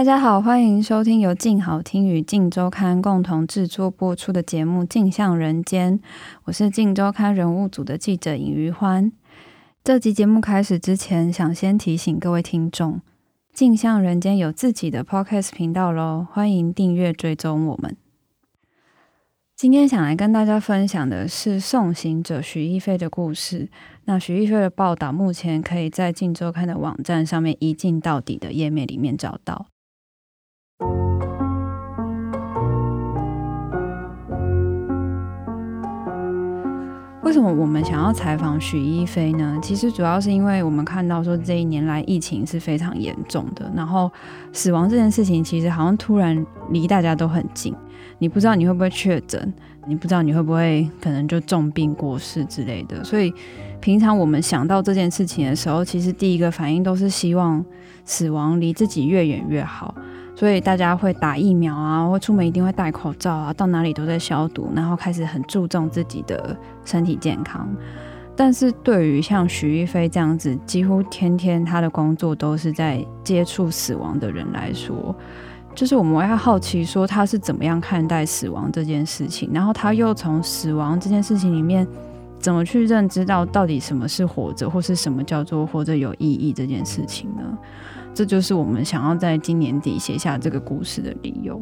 大家好，歡迎收聽由鏡好聽與鏡週刊共同製作播出的節目《鏡像人間》，我是鏡週刊人物組的記者尹余歡。這集節目開始之前，想先提醒各位聽眾，《鏡像人間》有自己的 Podcast 頻道嘍，歡迎訂閱追蹤我們。今天想來跟大家分享的是送行者許伊妃的故事。那許伊妃的報道目前可以在鏡週刊的網站上面“一鏡到底”的頁面裡面找到。為什麼我們想要採訪許伊妃呢？其實主要是因為我們看到說這一年來疫情是非常嚴重的，然後死亡這件事情其實好像突然離大家都很近。你不知道你會不會確診，你不知道你會不會可能就重病過世之類的。所以平常我們想到這件事情的時候，其實第一個反應都是希望死亡離自己越遠越好。所以大家會打疫苗啊，或出門一定會戴口罩啊，到哪裡都在消毒，然後開始很注重自己的身體健康。但是對於像許伊妃這樣子，幾乎天天他的工作都是在接觸死亡的人來說，就是我們要好奇說他是怎麼樣看待死亡這件事情，然後他又從死亡這件事情裡面怎麼去認知到到底什麼是活着，或是什麼叫做活着有意義這件事情呢？這就是我們想要在今年底寫下這個故事的理由。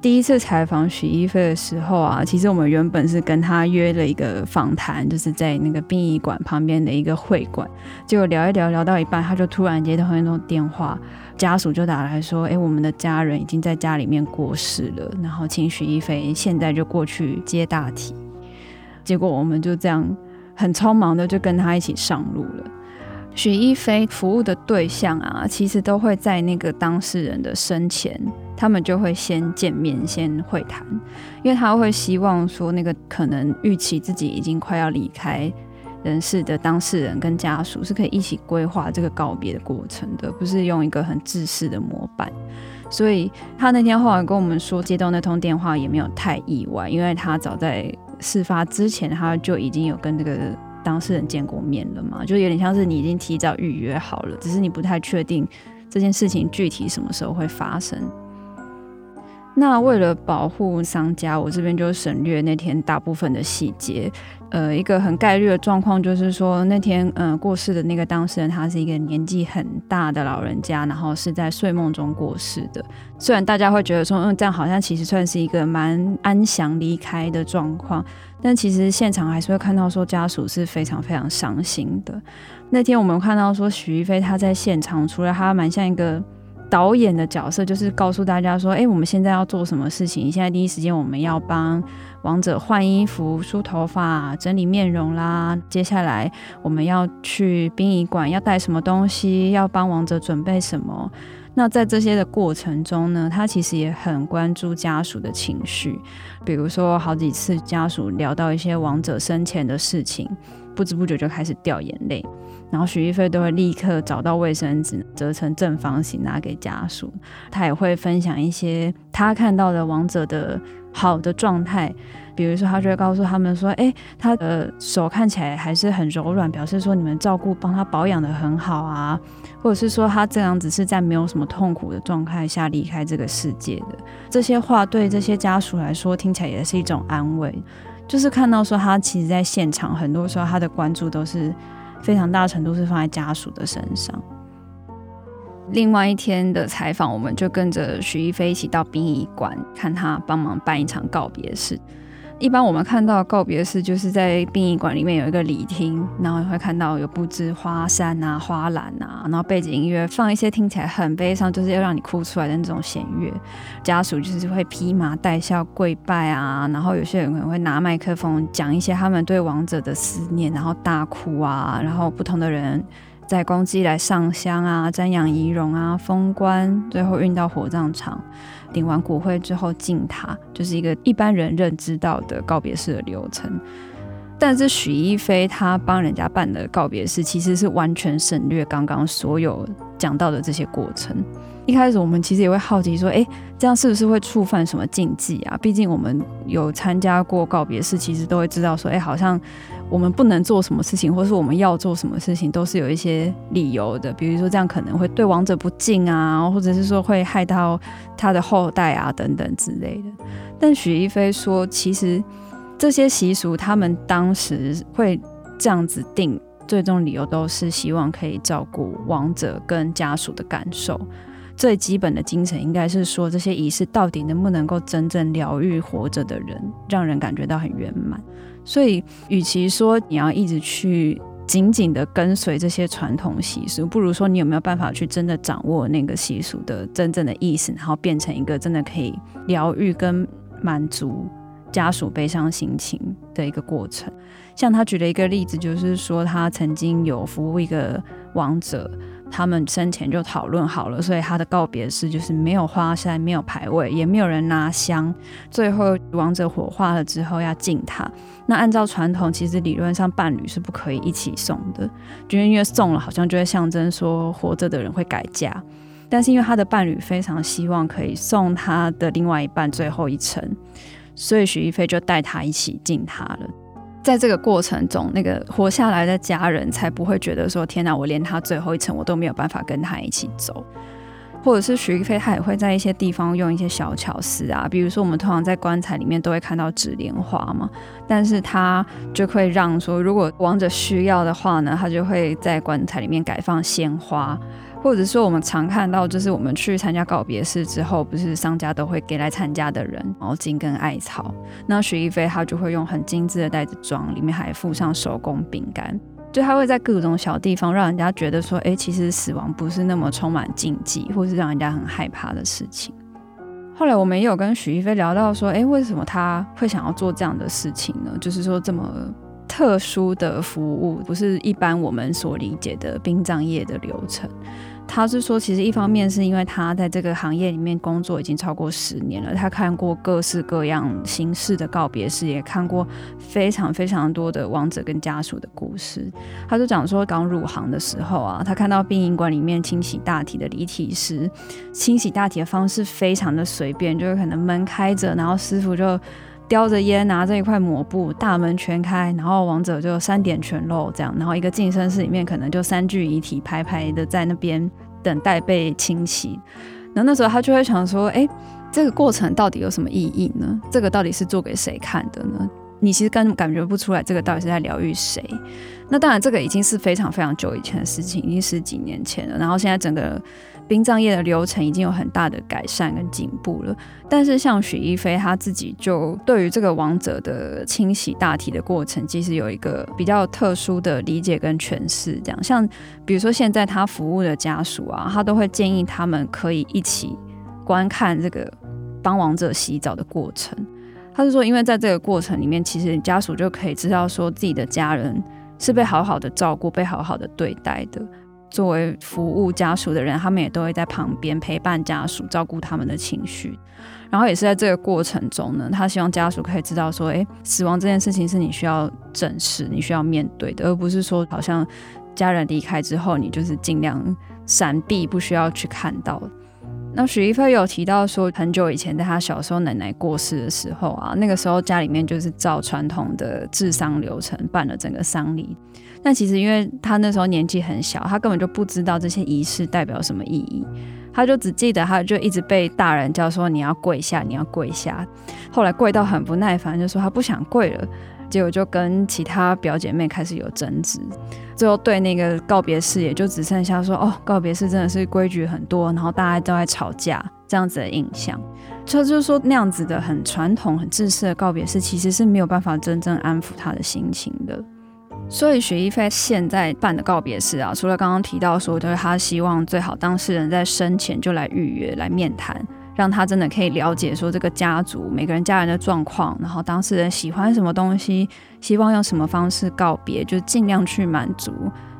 第一次採訪許伊妃的時候啊，其實我們原本是跟他約了一個訪談，就是在那個殯儀館旁邊的一個會館。結果聊一聊，聊到一半，他就突然接到很多電話，家屬就打來說：“哎、欸，我們的家人已經在家裡面過世了，然後請許伊妃現在就過去接大體。”結果我們就這樣很匆忙的就跟他一起上路了。許伊妃服務的對象啊，其實都會在那個當事人的生前，他們就會先見面、先會談，因為他會希望說，那個可能預期自己已經快要離開人世的當事人跟家屬是可以一起規劃這個告別的過程的，不是用一個很制式的模板。所以他那天後來跟我們說，接到那通電話也沒有太意外，因為他早在事發之前，他就已經有跟這、那個。當事人見過面了嗎？就有點像是你已經提早預約好了，只是你不太確定這件事情具體什麼時候會發生。那為了保護商家，我這邊就省略那天大部分的細節。呃，一個很概率的狀況就是說，那天嗯、呃、過世的那個當事人他是一個年紀很大的老人家，然後是在睡夢中過世的。雖然大家會覺得說，嗯，這樣好像其實算是一個蠻安詳離開的狀況，但其實現場還是會看到說家屬是非常非常傷心的。那天我們看到說，許伊妃他在現場，除了他蠻像一個。導演的角色就是告訴大家說：“哎、欸，我們現在要做什麼事情？現在第一時間我們要幫亡者換衣服、梳頭髮、整理面容啦。接下來我們要去殯儀館，要帶什麼東西？要幫亡者準備什麼？那在這些的過程中呢，他其實也很關注家屬的情緒，比如說好幾次家屬聊到一些亡者生前的事情。”不知不覺就開始掉眼淚，然後許伊妃都會立刻找到衛生紙折成正方形拿給家屬，他也會分享一些他看到的亡者的好的狀態，比如說他就會告訴他們說，誒，他呃手看起來還是很柔軟，表示說你們照顧幫他保養得很好啊，或者是說他這樣子是在沒有什麼痛苦的狀態下離開這個世界的，這些話對這些家屬來說聽起來也是一種安慰。就是看到說他其實在現場，很多時候他的關注都是非常大程度是放在家屬的身上。另外一天的採訪，我們就跟着許伊妃一起到殯儀館，看他幫忙辦一場告別式。一般我們看到的告別式，就是在殯儀館裡面有一個禮廳，然後你會看到有布置花山啊、花籃啊，然後背景音樂放一些聽起來很悲傷，就是要讓你哭出來的那種弦樂。家屬就是會披麻戴孝跪拜啊，然後有些人可能會拿麥克風講一些他們對亡者的思念，然後大哭啊，然後不同的人在公祭來上香啊、瞻仰遺容啊、封棺，最後運到火葬場。頂完骨灰之後進塔，就是一個一般人認知到的告別式的流程。但是許伊妃他幫人家辦的告別式，其實是完全省略剛剛所有，講到的這些過程，一開始我們其實也會好奇說，哎，這樣是不是會觸犯什麼禁忌啊？畢竟我們有參加過告別式，其實都會知道說，哎，好像我們不能做什麼事情，或是我們要做什麼事情，都是有一些理由的。比如說這樣可能會對亡者不敬啊，或者是說會害到他的後代啊等等之類的。但許伊妃說，其實這些習俗他們當時會這樣子定。最終理由都是希望可以照顧亡者跟家屬的感受，最基本的精神應該是說，這些儀式到底能不能夠真正療癒活着的人，讓人感覺到很圓滿。所以，與其說你要一直去緊緊的跟隨這些傳統習俗，不如說你有沒有辦法去真的掌握那個習俗的真正的意思，然後變成一個真的可以療癒跟滿足家屬悲傷心情。的一個過程，像他舉了一個例子，就是說他曾經有服務一個亡者，他們生前就討論好了，所以他的告別式就是沒有花山，現在沒有牌位，也沒有人拿香。最後亡者火化了之後要敬他，那按照傳統，其實理論上伴侶是不可以一起送的，就是因為送了好像就會象徵說活着的人會改嫁。但是因為他的伴侶非常希望可以送他的另外一半最後一程。所以許伊妃就帶他一起進塔了，在這個過程中，那個活下來的家人才不會覺得說天哪，我連他最後一程我都沒有辦法跟他一起走。或者是許伊妃他也會在一些地方用一些小巧思啊，比如說我們通常在棺材裡面都會看到紙蓮花嘛，但是他就會讓說，如果亡者需要的話呢，他就會在棺材裡面改放鮮花。或者說，我們常看到，就是我們去參加告別式之後，不是商家都會給來參加的人毛巾跟艾草。那許伊妃他就會用很精致的袋子裝，裡面還附上手工餅乾，就他會在各種小地方讓人家覺得說，哎，其實死亡不是那麼充滿禁忌，或是讓人家很害怕的事情。後來我們也有跟許伊妃聊到說，哎，為什麼他會想要做這樣的事情呢？就是說這麼。特殊的服務，不是一般我們所理解的殯葬業的流程。他是說，其實一方面是因為他在這個行業裡面工作已經超過十年了，他看過各式各樣形式的告別式，也看過非常非常多的亡者跟家屬的故事。他就講說，剛入行的時候啊，他看到殯儀館裡面清洗大體的離體師，清洗大體的方式非常的隨便，就是可能門開着，然後師傅就。叼着煙，拿着一塊抹布，大門全開，然後亡者就三點全露這樣，然後一個淨身室裡面可能就三具遺體排排的在那邊等待被清洗，然後那時候他就會想說，哎、欸，這個過程到底有什麼意義呢？這個到底是做給誰看的呢？你其實感感覺不出來這個到底是在療癒誰，那當然這個已經是非常非常久以前的事情，已經十幾年前了。然後現在整個殯葬業的流程已經有很大的改善跟進步了。但是像許伊妃他自己就對於這個亡者的清洗大體的過程，其實有一個比較特殊的理解跟詮釋。這樣像比如說現在他服務的家屬啊，他都會建議他們可以一起觀看這個幫亡者洗澡的過程。他是說，因為在這個過程裡面，其實家屬就可以知道說自己的家人是被好好的照顧、被好好的對待的。作為服務家屬的人，他們也都會在旁邊陪伴家屬，照顧他們的情緒。然後也是在這個過程中呢，他希望家屬可以知道說，誒，死亡這件事情是你需要正視、你需要面對的，而不是說好像家人離開之後，你就是盡量閃避，不需要去看到。那許伊妃有提到說，很久以前在他小時候奶奶過世的時候啊，那個時候家裡面就是照傳統的治喪流程辦了整個喪禮。但其實因為他那時候年紀很小，他根本就不知道這些儀式代表什麼意義，他就只記得他就一直被大人叫說，你要跪下，你要跪下。後來跪到很不耐煩，就說他不想跪了。結果就跟其他表姐妹開始有爭執，最後對那個告別式也就只剩下說哦，告別式真的是規矩很多，然後大家都在吵架這樣子的印象。所以就是說那樣子的很傳統、很正式的告別式，其實是沒有辦法真正安撫他的心情的。所以許伊妃現在辦的告別式啊，除了剛剛提到說，就是他希望最好當事人在生前就來預約、來面談。讓他真的可以了解說這個家族每個人家人的狀況，然後當事人喜歡什麼東西，希望用什麼方式告別，就盡量去滿足，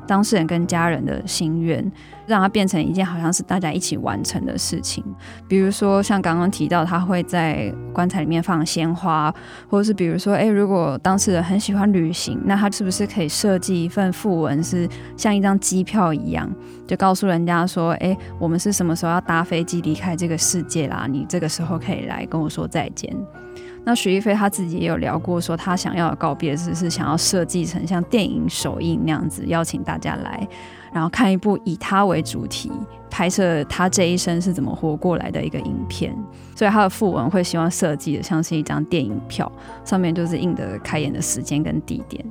當事人跟家人的心願，讓他變成一件好像是大家一起完成的事情。比如說，像剛剛提到，他會在棺材裡面放鮮花，或是比如說，誒、欸，如果當事人很喜歡旅行，那他是不是可以設計一份訃文，是像一張機票一樣，就告訴人家說，誒、欸，我們是什麼時候要搭飛機離開這個世界啦？你這個時候可以來跟我說再見。那許伊妃他自己也有聊過，說他想要的告別式是想要設計成像電影首映那樣子，邀請大家來，然後看一部以他為主題，拍攝他這一生是怎麼活過來的一個影片。所以他的訃聞會希望設計的像是一張電影票，上面就是印的開演的時間跟地點。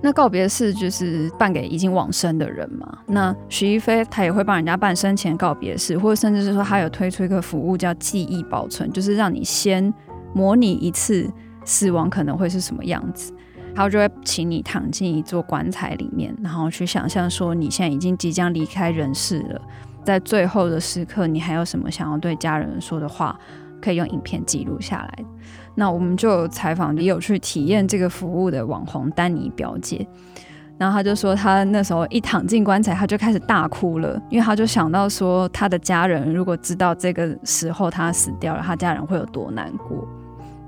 那告別式就是辦給已經往生的人嘛。那許伊妃他也會幫人家辦生前告別式，或者甚至是說他有推出一個服務叫記憶保存，就是讓你先，模擬一次死亡可能會是什麼樣子，他就會請你躺進一座棺材裡面，然後去想象說你現在已經即將離開人世了，在最後的時刻，你還有什麼想要對家人說的話，可以用影片記錄下來。那我們就採訪也有去體驗這個服務的網紅丹妮表姐，然後他就說他那時候一躺進棺材，他就開始大哭了，因為他就想到說他的家人如果知道這個時候他死掉了，他家人會有多難過。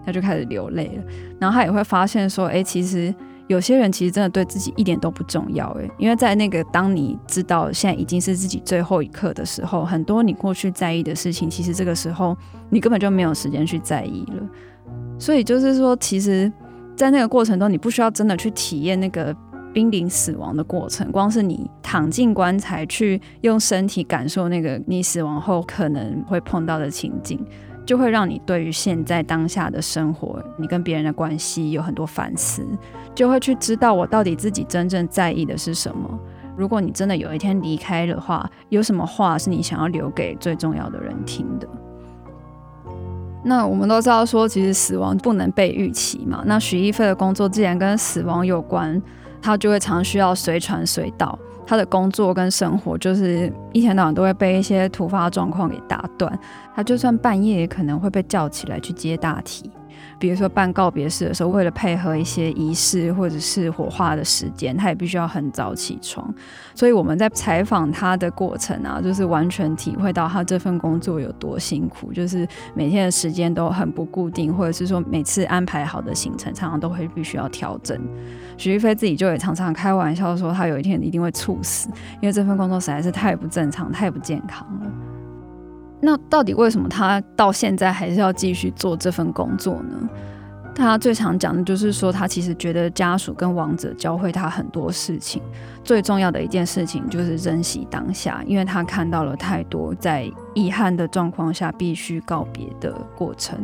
他就開始流淚了，然後他也會發現說：“哎、欸，其實有些人其實真的對自己一點都不重要。”哎，因為在那個當你知道現在已經是自己最後一刻的時候，很多你過去在意的事情，其實這個時候你根本就沒有時間去在意了。所以就是說，其實，在那個過程中，你不需要真的去體驗那個瀕臨死亡的過程，光是你躺進棺材，去用身體感受那個你死亡後可能會碰到的情景。就會讓你對於現在當下的生活，你跟別人的關係有很多反思，就會去知道我到底自己真正在意的是什麼。如果你真的有一天離開的話，有什麼話是你想要留給最重要的人聽的？那我們都知道說，其實死亡不能被預期嘛。那許伊妃的工作既然跟死亡有關，她就會常需要隨傳隨到。他的工作跟生活就是一天到晚都會被一些突發狀況給打斷，他就算半夜也可能會被叫起來去接大體。比如說辦告別式的時候，為了配合一些儀式或者是火化的時間，他也必須要很早起床。所以我們在採訪他的過程啊，就是完全體會到他這份工作有多辛苦，就是每天的時間都很不固定，或者是說每次安排好的行程，常常都會必須要調整。許伊妃自己就也常常開玩笑說，他有一天一定會猝死，因為這份工作實在是太不正常，太不健康了。那到底為什麼他到現在還是要繼續做這份工作呢？他最常講的就是說，他其實覺得家屬跟亡者教會他很多事情，最重要的一件事情就是珍惜當下，因為他看到了太多在遺憾的狀況下必須告別的過程。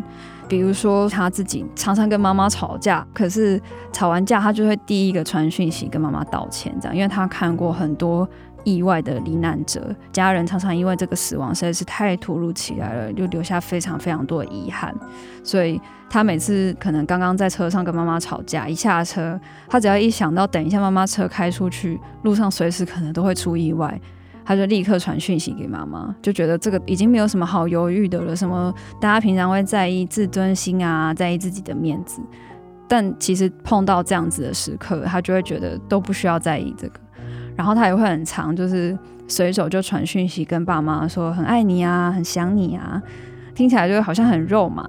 比如說他自己常常跟媽媽吵架，可是吵完架他就會第一個傳訊息跟媽媽道歉，這樣，因為他看過很多。意外的罹難者，家人常常因為這個死亡實在是太突如其來了，就留下非常非常多的遺憾。所以他每次可能剛剛在車上跟媽媽吵架，一下車，他只要一想到等一下媽媽車開出去，路上隨時可能都會出意外，他就立刻傳訊息給媽媽，就覺得這個已經沒有什麼好猶豫的了。什麼大家平常會在意自尊心啊，在意自己的面子，但其實碰到這樣子的時刻，他就會覺得都不需要在意這個。然後他也會很常，就是隨手就傳訊息跟爸媽說很愛你啊，很想你啊，聽起來就好像很肉麻，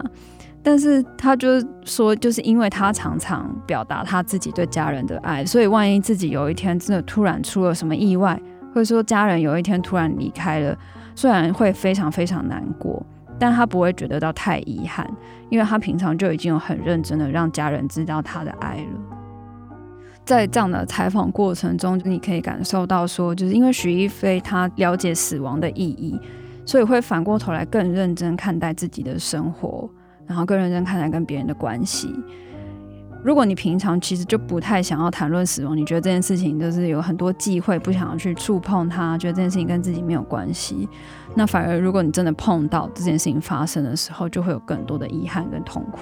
但是他就是說，就是因為他常常表達他自己對家人的愛，所以萬一自己有一天真的突然出了什麼意外，或者說家人有一天突然離開了，雖然會非常非常難過，但他不會覺得到太遺憾，因為他平常就已經有很認真的讓家人知道他的愛了。在這樣的採訪過程中，你可以感受到說，就是因為許伊妃她了解死亡的意義，所以會反過頭來更認真看待自己的生活，然後更認真看待跟別人的關係。如果你平常其實就不太想要談論死亡，你覺得這件事情就是有很多忌諱，不想要去觸碰它，覺得這件事情跟自己沒有關係，那反而如果你真的碰到這件事情發生的時候，就會有更多的遺憾跟痛苦。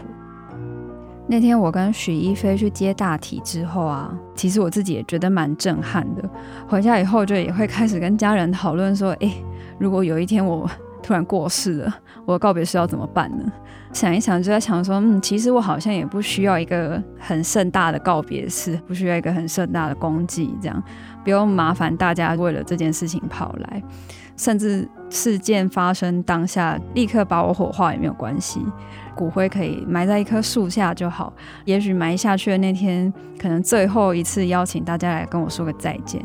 那天我跟許伊妃去接大體之後啊，其實我自己也覺得蠻震撼的。回家以後就也會開始跟家人討論說，哎、欸，如果有一天我突然過世了，我的告別式要怎麼辦呢？想一想就在想說，嗯，其實我好像也不需要一個很盛大的告別式，不需要一個很盛大的公祭，這樣不用麻煩大家為了這件事情跑來，甚至事件發生當下立刻把我火化也沒有關係。骨灰可以埋在一棵樹下就好，也許埋下去的那天，可能最後一次邀請大家來跟我說個再見。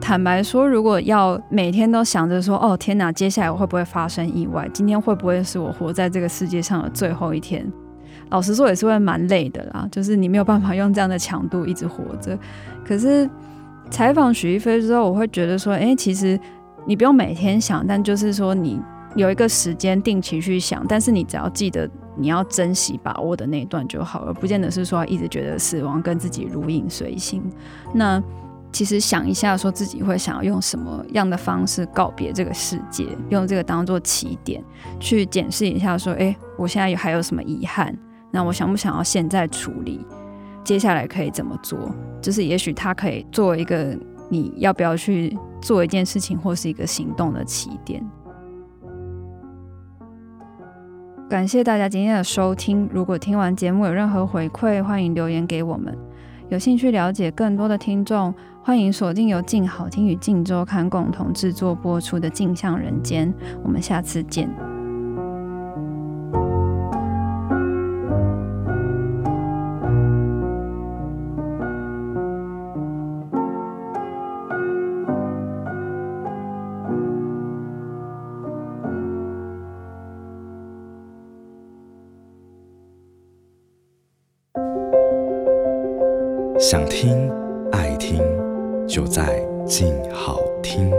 坦白說，如果要每天都想着說“哦天哪、啊，接下來我會不會發生意外？今天會不會是我活在這個世界上的最後一天？”老實說，也是會蠻累的啦。就是你沒有辦法用這樣的強度一直活着。可是採訪許伊妃之後，我會覺得說：“哎、欸，其實你不用每天想，但就是說你。”有一個時間定期去想，但是你只要記得你要珍惜把握的那一段就好了，而不見得是說一直覺得死亡跟自己如影隨形。那其實想一下，說自己會想要用什麼樣的方式告別這個世界，用這個當做起點去檢視一下說，說、欸、哎，我現在還有什麼遺憾？那我想不想要現在處理？接下來可以怎麼做？就是也許他可以作為一個你要不要去做一件事情或是一個行動的起點。感謝大家今天的收聽。如果聽完節目有任何回饋，歡迎留言給我們。有興趣了解更多的聽眾，歡迎鎖定由鏡好聽與鏡週刊共同製作播出的《鏡像人間》。我們下次見。想聽，愛聽，就在靜好聽。